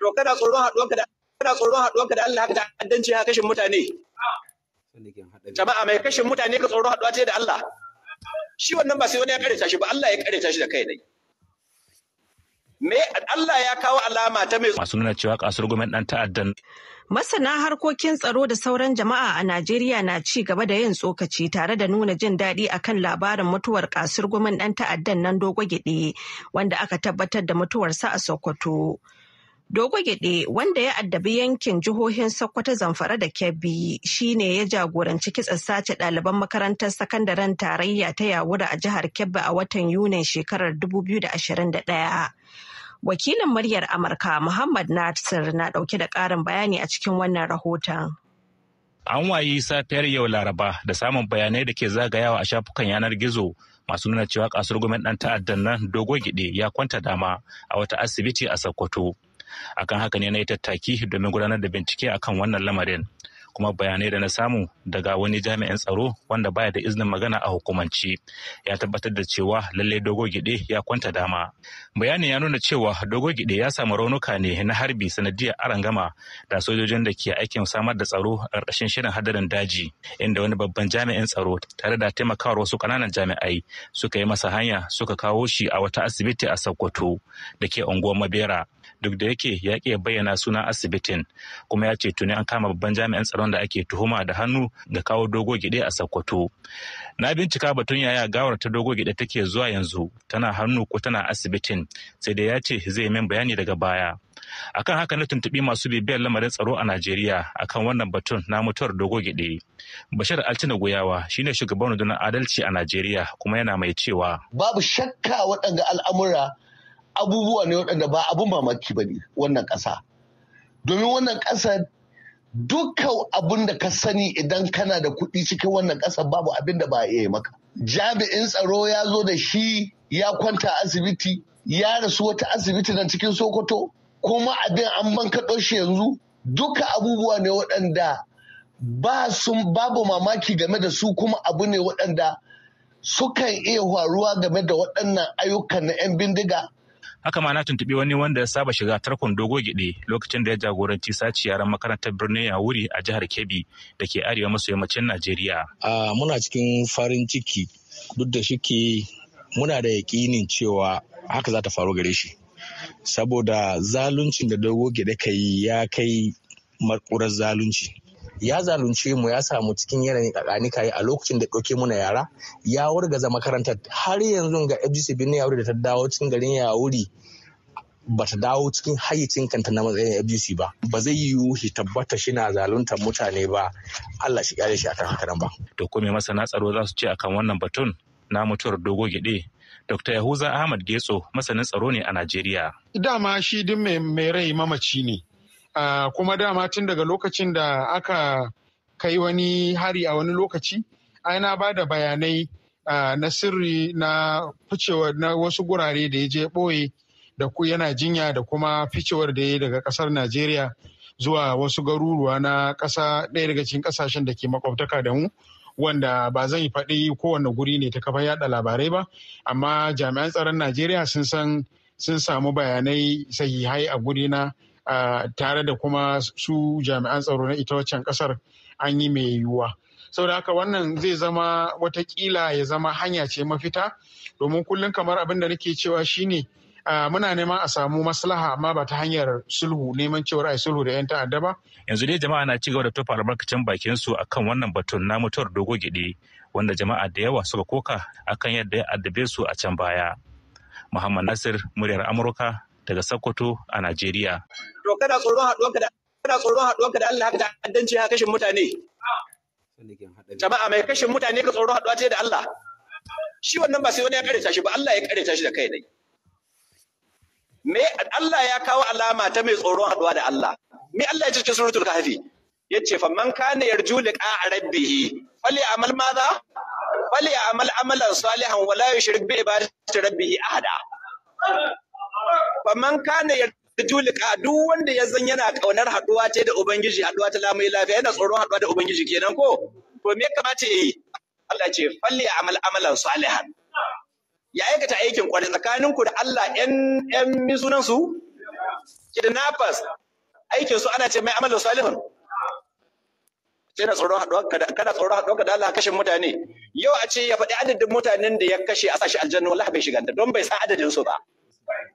to kana tsoron haɗuwanka da kana tsoron haɗuwanka da Allah haka ta'addanci ha kashin mutane jama'a mai kashin mutane ka tsoron haɗuwa ce da Allah shi wannan ba sai wani ya karanta shi ba Allah ya karanta shi da kai dai. me Allah ya kawo alama ta mai masu nuna cewa kasar gwamnati dan ta'addan Masana harkokin tsaro da sauran jama'a a Najeriya na ci gaba da yin tsokaci tare da nuna jin daɗi akan labarin mutuwar kasar gwamnati dan ta'addan nan dogo gide wanda aka tabbatar da mutuwarsa a Sokoto. Dogo Gyaɗe wanda ya addabi yankin jihohin Sokoto Zamfara da Kebbi shine ya jagoranci kitsar sace ɗaliban makarantar sakandaren tarayya ta Yawura a jihar Kebbi a watan Yunin shekarar 2021. Wakilin muryar Amurka Muhammad Nasir na ɗauke da ƙarin bayani a cikin wannan rahoton. An wayi safiyar yau Laraba da samun bayanai da ke zagayawa a shafukan yanar gizo masu nuna cewa kasuwar gwamnati ɗan ta'addan nan dogo gide ya kwanta dama a wata asibiti a Sokoto. akan haka ne na yi tattaki domin gudanar da bincike akan wannan lamarin kuma bayanai da na samu daga wani jami'in tsaro wanda baya da izinin magana a hukumance ya tabbatar da cewa lallai dogo gide ya kwanta dama bayanin ya nuna cewa dogo gide ya samu raunuka ne na harbi sanadiyar arangama da sojojin da ke aikin samar da tsaro a ƙarƙashin shirin hadarin daji inda wani babban jami'in tsaro tare da taimakawar wasu ƙananan jami'ai suka yi masa hanya suka kawo shi a wata asibiti a sokoto da ke unguwar mabera duk da yake ya ke bayyana sunan asibitin kuma ya ce tuni an kama babban jami'an tsaron da ake tuhuma da hannu da kawo dogo gide a Sokoto. Na bincika batun yaya gawar ta dogo gide take zuwa yanzu tana hannu ko tana asibitin sai da ya ce zai min bayani daga baya. akan haka na tuntuɓi masu bibiyar lamarin tsaro a najeriya akan wannan batun na mutuwar dogo gide bashir alcina goyawa shine shugaban rundunar adalci a najeriya kuma yana mai cewa babu shakka waɗanda al'amura abubuwa ne waɗanda ba abun mamaki ba ne wannan ƙasa domin wannan ƙasa dukkan abin da ka sani idan kana da kuɗi cikin wannan ƙasa babu abin da ba a iya maka jami'in tsaro ya zo da shi ya kwanta asibiti ya rasu wata asibiti nan cikin sokoto kuma abin an ban kaɗo shi yanzu duka abubuwa ne waɗanda ba sun babu mamaki game da su kuma abu ne waɗanda sukan iya faruwa game da waɗannan ayyukan na 'yan bindiga haka ma na tuntuɓi wani wanda ya saba shiga tarkon dogo gide lokacin da ya jagoranci saci yaran makarantar birnin yawuri a jihar kebbi da ke arewa maso yammacin najeriya muna cikin farin ciki duk da shike muna da yaƙinin cewa haka za ta faru gare shi saboda zaluncin da dogo gide ka yi ya kai makurar zalunci ya zalunce mu ya samu cikin yanayin kai a lokacin da ɗauke muna yara ya wargaza makarantar har yanzu ga FGC Benin Yauri da ta dawo cikin garin Yauri ba ta dawo cikin hayyacin kanta na matsayin FGC ba ba zai yiwu shi tabbata shi na zaluntar mutane ba Allah shi kare shi akan hakanan ba to ko me masana tsaro za su ce akan wannan batun na mutuwar dogo gyaɗe Dr. Yahuza Ahmad Getso masanin tsaro ne a Najeriya. Dama shi duk mai rai mamaci ne. kuma dama tun daga lokacin da aka kai wani hari a wani lokaci na ba da bayanai na sirri na ficewa na wasu gurare da ya je ɓoye da ku yana jinya da kuma ficewar da ya daga ƙasar najeriya zuwa wasu garuruwa na ƙasa ɗaya daga cikin ƙasashen da ke makwabtaka da mu wanda ba zan yi faɗi kowane guri ne ta kafa yaɗa labarai ba amma jami'an tsaron najeriya sun san sun samu bayanai sahihai a guri na tare da kuma su jami'an tsaro na ita waccan kasar an yi mai yiwuwa da haka wannan zai zama watakila ya zama hanya ce mafita domin kullum kamar abin da nake cewa shine muna neman a samu maslaha amma ba ta hanyar sulhu neman cewar ai sulhu da 'yan ta'adda ba. Yanzu dai jama'a na cigaba da tofa albarkacin bakin su akan wannan batun na mutuwar dogo gidi wanda jama'a da yawa suka koka akan yadda ya addabe su a can baya. Muhammad Nasir muryar Amurka daga Sokoto a Najeriya. To kana tsoron haɗuwanka da kana tsoron haɗuwanka da Allah haka ta'addanci haka kashin mutane. Jama'a mai kashin mutane ka tsoron haɗuwa ce da Allah. Shi wannan ba sai wani ya karanta shi ba Allah ya karanta shi da kai dai. Me Allah ya kawo alama ta mai tsoron haɗuwa da Allah. Me Allah ya ce cikin suratul kahfi ce fa man kana yarju liqa rabbihi!" fali amal madha fali amal amalan salihan wala yushrik bi ibadati rabbih ahada. faman kana yarju liqa duk wanda ya zan yana kaunar haduwa ce da ubangiji haduwa ta lamai lafiya yana tsoron haduwa da ubangiji kenan ko to me kamata yayi Allah ce falli amal amalan salihan ya aikata aikin kwari tsakanin ku da Allah ƴan ƴan misunan su kidnappers aikin su ana ce mai amalan salihun yana tsoron haɗuwa kana tsoron haɗuwa da Allah kashin mutane yau a ce ya faɗi adadin mutanen da ya kashe a sashi aljanna wallahi bai shiga don bai san adadin su ba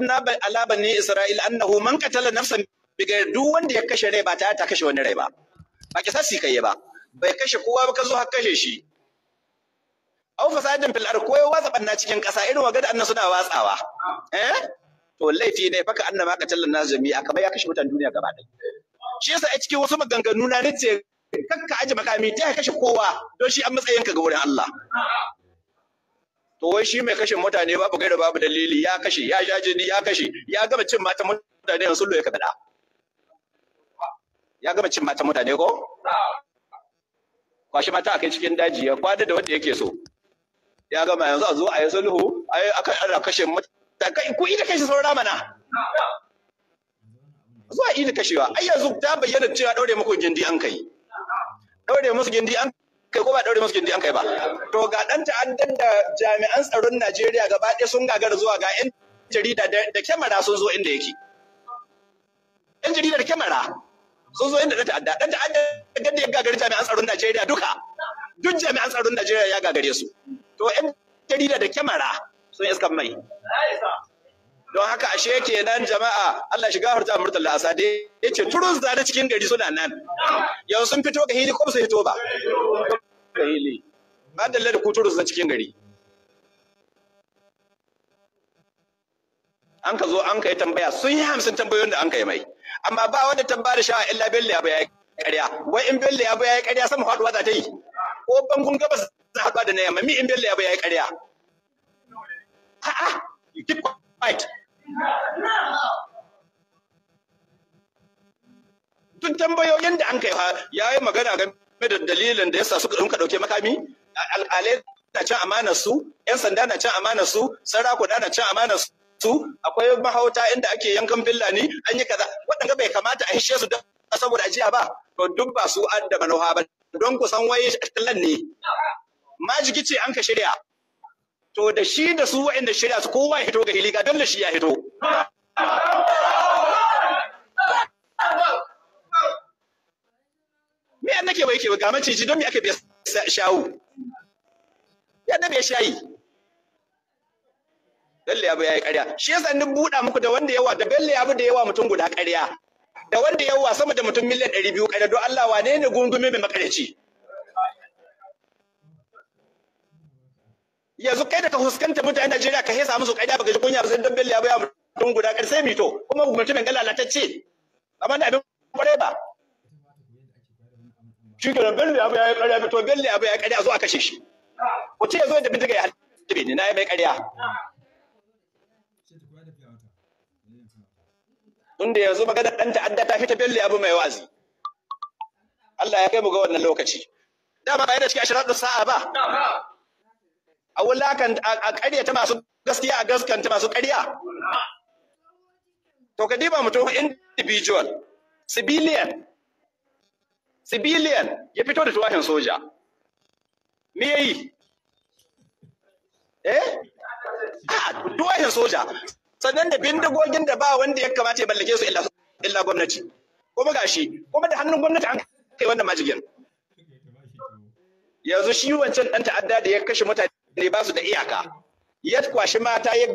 katabna ala ne isra'il annahu man qatala nafsan bigayar duk wanda ya kashe rai ba ta ta kashe wani rai ba ba ki sassi kai ba bai kashe kowa ba ka zo har kashe shi aw fasadin fil ard koyo watsa banna cikin kasa irin waga da annan suna watsawa eh to laifi ne faka annama qatala nas jami'a kamar ya kashe mutan duniya gaba ɗaya shi yasa a cikin wasu maganganu na nace kakka aje makami ta ya kashe kowa don shi an matsayin ka ga wurin Allah to wai shi mai kashe mutane babu gaira babu dalili ya kashe ya sha jini ya kashe ya gama cin mata mutane yanzu lo ya kada ya gama cin mata mutane ko kwashi mata kai cikin daji ya kwada da wanda yake so ya gama yanzu a zo a yi sulhu ai aka ara kashe mutane kai ku ita kashe sauran mana zuwa ita kashewa ai yanzu ta bayyana cewa daure muku gindi an kai daure musu gindi an kai ko ba daure musu gindi an kai ba to ga dan ta'addan da jami'an tsaron Najeriya gaba ɗaya sun gagara zuwa ga yan jarida da kyamara sun zo inda yake yan jarida da kyamara sun zo inda ɗan ta'adda dan ta'adda ganda ya gagari jami'an tsaron Najeriya duka duk jami'an tsaron Najeriya ya gagare su to yan jarida da kyamara sun iska mai don haka ashe kenan jama'a Allah shiga harta murtala asade yace turun da cikin gari suna nan yau sun fito ga hili ko su fito ba kahili ba da kuturus na cikin gari an ka zo an ka yi tambaya sun yi hamsin tambayoyin da an ka yi mai amma ba wanda tambaya da sha'a illa bello ya bayyana ƙarya wai in bello ya bayyana ƙarya sama faɗuwa za ta yi ko bangun gabas za haɗuwa da na yamma mi in bello ya bayyana ƙarya a'a you keep quiet tun tambayoyin da an kai ya yi magana game game da dalilin da yasa suka ɗauke dauke makami alƙalai na cin amanar su yan sanda na can amanar su sarakuna na cin amanar su akwai mahauta inda ake yankan fillani an yi kaza waɗanda bai kamata a hishe su da saboda ajiya ba to duk ba su an da manoha ba don ku san wai tallan ne majigi ce an ka shirya to da shi da su waɗanda shirya su kowa ya hito ga hili ga da shi ya hito me an ke waike ke ga maciji don me aka biya shawu ya na biya shayi lalle abu yayi ƙarya shi yasa ni buɗa muku da wanda yawa da belle abu da yawa mutum guda ƙarya da wanda yawa sama da mutum miliyan ɗari biyu ƙarya don Allah wane ne gungume mai makareci yanzu kai da ka huskanta mutane Najeriya ka hesa musu ƙarya baka ji kunya ba sai don belle abu ya mutum guda ƙarya sai mito kuma mutumin galalatacce amma da abin kwarai ba shi kenan bello abu ya yi ƙarya to bello abu ya yi ƙarya zo a kashe shi wace ya zo da bindiga ya halbe ne na yi mai ƙarya tunda yanzu maganar ɗan ta'adda ta fita bello abu mai wazi Allah ya kai mu ga wannan lokaci dama ba yana cikin ashiratu sa'a ba a wulakan a ƙarya ta masu gaskiya a gaskanta masu ƙarya to ka diba mutum individual civilian civilian ya fito da tuwahin soja me yayi eh ah, tuwahin soja sannan da bindigogin da ba wanda ya kamata ya mallake su illa gwamnati kuma gashi kuma da hannun gwamnati an kai wannan majigin yanzu shi wancan dan ta'adda da ya kashe mutane ba su da iyaka ya kwashi mata ya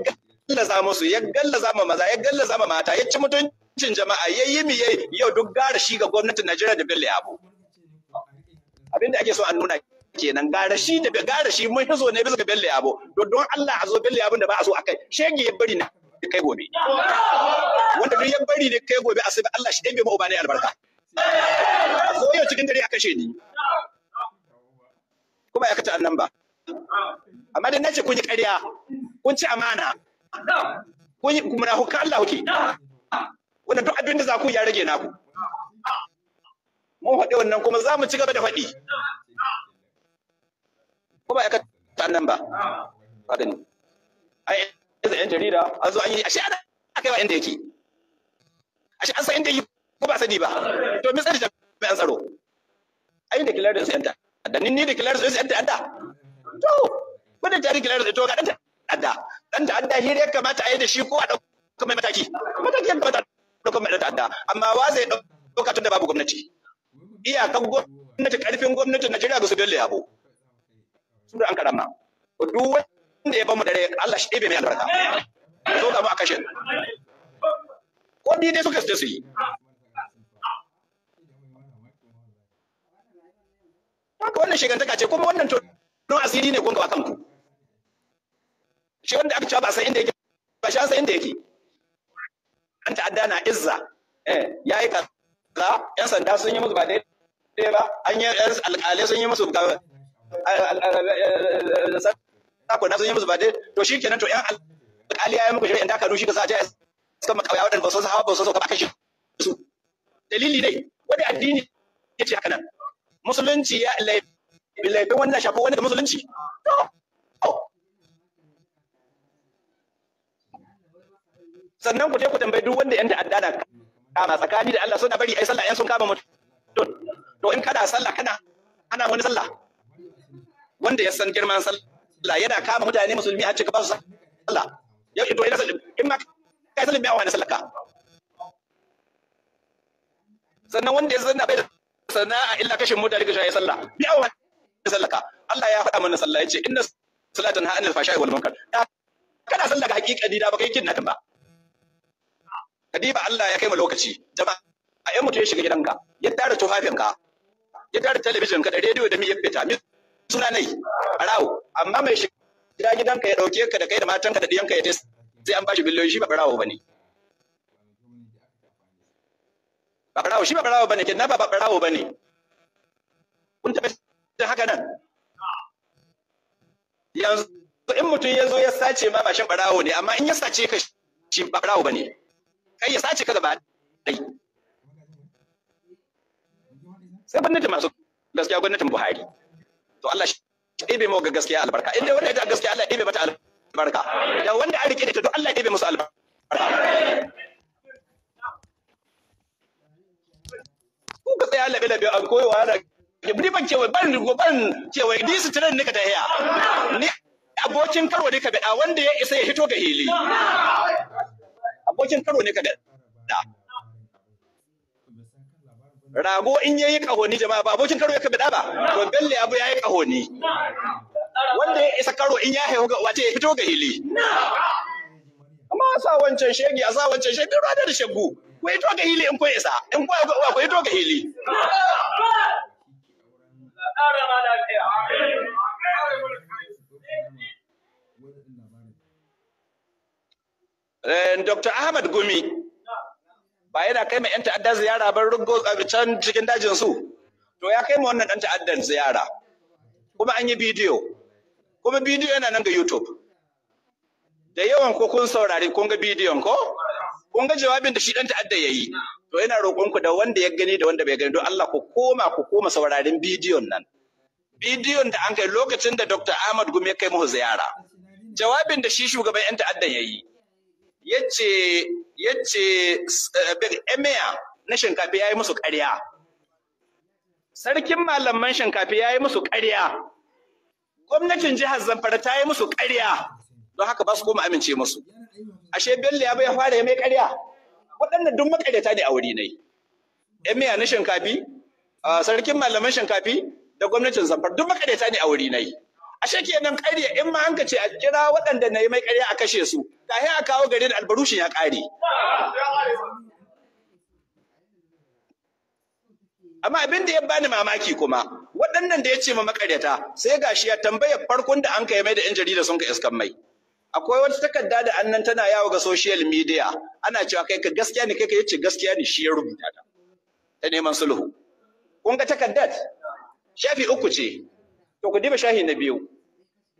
gallaza musu ya gallaza ma maza ya gallaza ma mata ya ci mutunci 'yancin jama'a ya yi miye yau duk gara shi ga gwamnatin Najeriya da Bello Yabo abinda ake so a nuna kenan gara shi da gara shi mun hizo ne bisa ga Bello Yabo don Allah a zo Bello Yabo da ba a so akai shege ya bari na kai gobe wanda duk ya bari ne kai gobe asibi Allah shi ɗebe ma'uba ne albarka a zo yau cikin dare a kashe ni kuma ya kata annan ba amma dai nace kun yi ƙarya kun ci amana kun yi kuma na hukka Allah hukki. wanda duk abin da za ku ya rage naku mun faɗi wannan kuma za mu ci gaba da faɗi Ko ba ya ta nan ba fadin ai yanzu yan jarida a zo an yi ashe ana kai wa inda yake ashe an san inda yake ko ba sani ba to me tsari jami'an tsaro ai da kilar da su yanta da ni ni da kilar da su yanta yanta to da jari kilar da to ga dan ta'adda dan da hira ya kamata a yi da shi ko a ɗauka mai mataki mataki ya kamata ɗaukar mai ta'adda amma wa zai ɗauka tun da babu gwamnati iyakar gwamnati ƙarfin gwamnatin Najeriya ga su dole yabo su da an karama duk wanda ya bamu dare Allah shi ɗebe mai albarka so da mu a kashe. ko ni dai suka su yi haka wannan shigantaka ce kuma wannan to don asiri ne kun ga kanku shi wanda aka ci ba san inda yake ba shi san inda yake an ta'adda na izza eh, ya yi kaza yan sanda sun yi musu ba daidai ba an yi alƙalai sun yi musu sakona sun yi musu ba daidai to shi kenan to yan alƙali ya yi muku yan dakanu shi ka sa a jaya suka makawai waɗanda ba su hawa ba su sauka ba shi su dalili dai wani addini ya ce haka nan musulunci ya laifin wani na shafi wani da musulunci sannan ku je ku tambayi duk wanda yan ta'adda na kama tsakani da Allah suna bari ai sallah yan sun kama mutum to in kada sallah kana ana wani sallah wanda ya san girman sallah yana kama mutane musulmi a cika basu sallah ya to ina sallah in ma kai sallah mai awani sallah ka sannan wanda ya zanna bai da sana'a illa kashin mutane kashin ya sallah bi awani sallah ka Allah ya faɗa mana sallah yace inna salatan ha'anil fashai wal munkar kana sallah ga hakika ni da baka yi kin ba ba Allah ya kai mu lokaci jama'a a yan mutum ya shiga gidanka ya tara tufafinka ya tara talabijinka da rediyo da mi ya fita mi suna nai barawo amma mai shiga gidanka ya dauke ka da kai da matanka da diyanka ya tai sai an bashi billoyi shi ba barawo bane ba barawo shi ba barawo bane kenan ba barawo bane kun ta da haka nan yanzu in mutum ya zo ya sace ma bashin barawo ne amma in ya sace ka shi ba barawo bane kai ya sace ka gaba dai sai gwamnatin masu gaskiya gwamnatin Buhari to Allah shi mu ga gaskiya albarka inda wanda ya gaskiya Allah ɗebe mata albarka da wanda an rike da ta to Allah ɗebe musu albarka ku ka tsaya labe labe an koyo wa da ni ban cewa ban ban cewa ni su ne ka ta haya ni abokin karo ne ka bada wanda ya isa ya hito ga hili abokin karo ne kaga da rago in yayi kahoni jama'a ba abokin karo ya kaga ba to belle abu yayi kahoni wanda ya isa karo in ya haihu ga wace ya fito ga hili amma sa wancan shege a sa wancan shege ruwa da shegu ku yi to ga hili in ko isa in ko ga uwa ku yi to ga hili Eh, Dr. Ahmad Gumi ba yana kai ma 'yan ta'adda ziyara ban rugo can cikin dajin su to ya kai ma wannan ɗan ta'addar ziyara kuma an yi bidiyo kuma bidiyo yana nan ga YouTube da yawan ko kun saurari kun ga bidiyon ko kun ga jawabin da shi ɗan ta'adda ya yi to yana roƙon ku da wanda ya gani da wanda bai gani don Allah ku koma ku koma saurarin bidiyon nan bidiyon da an kai lokacin da Dr. Ahmad Gumi ya kai mu ziyara jawabin da shi shugaban 'yan ta'addar ya yi yace yace emir eh, eh, na shinkafi yayi musu ƙarya sarkin malaman shinkafi yayi musu ƙarya gwamnatin jihar Zamfara ta yi musu ƙarya don haka ba su koma amince musu ashe Bello ya bai fara mai ƙarya waɗannan duk makaryata ne a wuri ne emir eh, na shinkafi sarkin malaman shinkafi da gwamnatin Zamfara duk makaryata ne a wuri ne ashe kenan ƙarya in ma an ce a kira waɗanda na yi mai ƙarya a kashe su ta a kawo gari da albarushin ya ƙare amma abin da ya bani mamaki kuma waɗannan da ya ce ma makaryata sai gashi ya tambayar farkon da an kai mai da yan jarida sun ka iskan mai akwai wata takarda da annan tana yawo ga social media ana cewa kai ka gaskiya ne kai ka yace gaskiya ne shi ya rubuta ta ta neman sulhu kun ga takardar shafi uku ce to ku diba shahi na biyu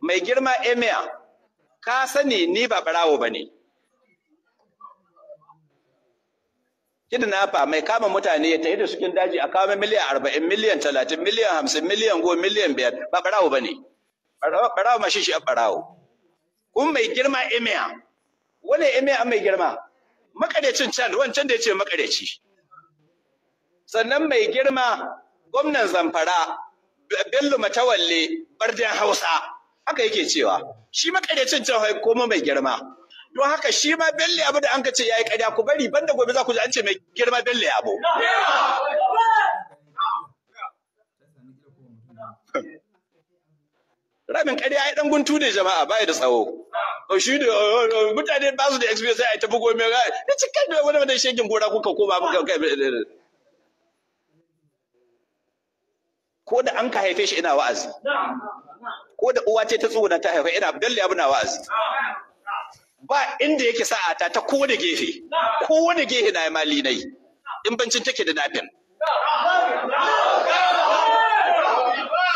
mai girma emir ka sani ni ba barawo ba ne fa mai kama mutane ya tafi da su daji a kama miliyan arba'in miliyan talatin miliyan hamsin miliyan goma miliyan biyar ba barawo ba ne barawo mashi shi a barawo kun mai girma emir wani emir mai girma makarecin can wancan da ya ce makareci sannan mai girma gwamnan zamfara bello matawalle barden hausa haka yake cewa shi ma cin-cin cewa koma mai girma don haka shi ma belle abu da an ka ce yayi ƙarya ku bari banda gobe za ku ji an ce mai girma belle abu Ramin ƙarya ya ɗan guntu da jama'a ya da tsawo. Shi da mutane ba su da experience sai a ta bugo mai ga ni cikin da wani wani shegin gora kuka koma muka kai ko da an ka haife shi ina wa'azi ko da uwa ce ta tsuguna ta haife ina bello abuna wa'azi ba inda yake sa'ata ta kowane gefe kowane gefe na mali nai in bancin take da nafin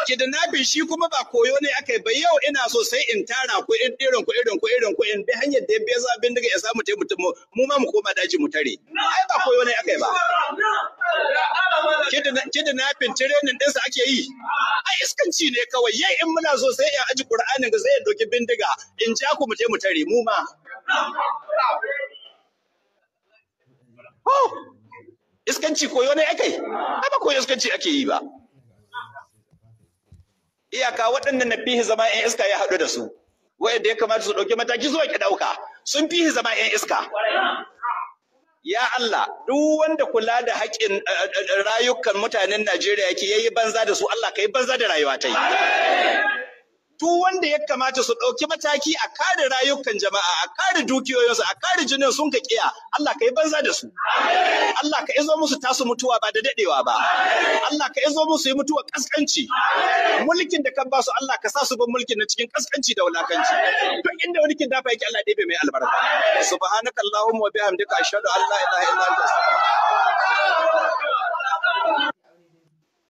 kidnapping shi kuma ba koyo ne aka yi ba yau ina so sai in tara ku in irin ku irin ku irin ku in bi hanyar da ya biya za bindiga ya samu taimu mu ma mu koma daji mu tare ai ba koyo ne aka yi ba kidnapping training ɗinsa ake yi a iskanci ne kawai yai in muna so sai ya aji qur'anin ga sai ya doki bindiga in ja ku mu mu tare mu ma iskanci koyo ne akai ba koyo iskanci ake yi ba iyaka waɗanda na fihi zama 'yan iska ya haɗu da su wa'anda ya kamata su ɗauki mataki zuwa ki ɗauka sun fihi zama 'yan iska ya Allah duk wanda kula da haƙƙin eh, eh, eh, rayukan mutanen Najeriya yake yayi banza da su Allah kai banza da rayuwa ta yi duk wanda ya kamata su ɗauki mataki a kare rayukan jama'a a kare dukiyoyinsu a kare jinin sun ka kiya Allah ka yi banza da su Allah ka izo musu tasu mutuwa ba da dadewa ba Allah ka izo musu yi mutuwa kaskanci mulkin da kan ba su Allah ka sa su bin mulkin na cikin kaskanci da wulakanci duk inda wani kin fa yake Allah ɗebe mai albarka subhanakallahumma wa bihamdika ashhadu an la ilaha illa anta astaghfiruka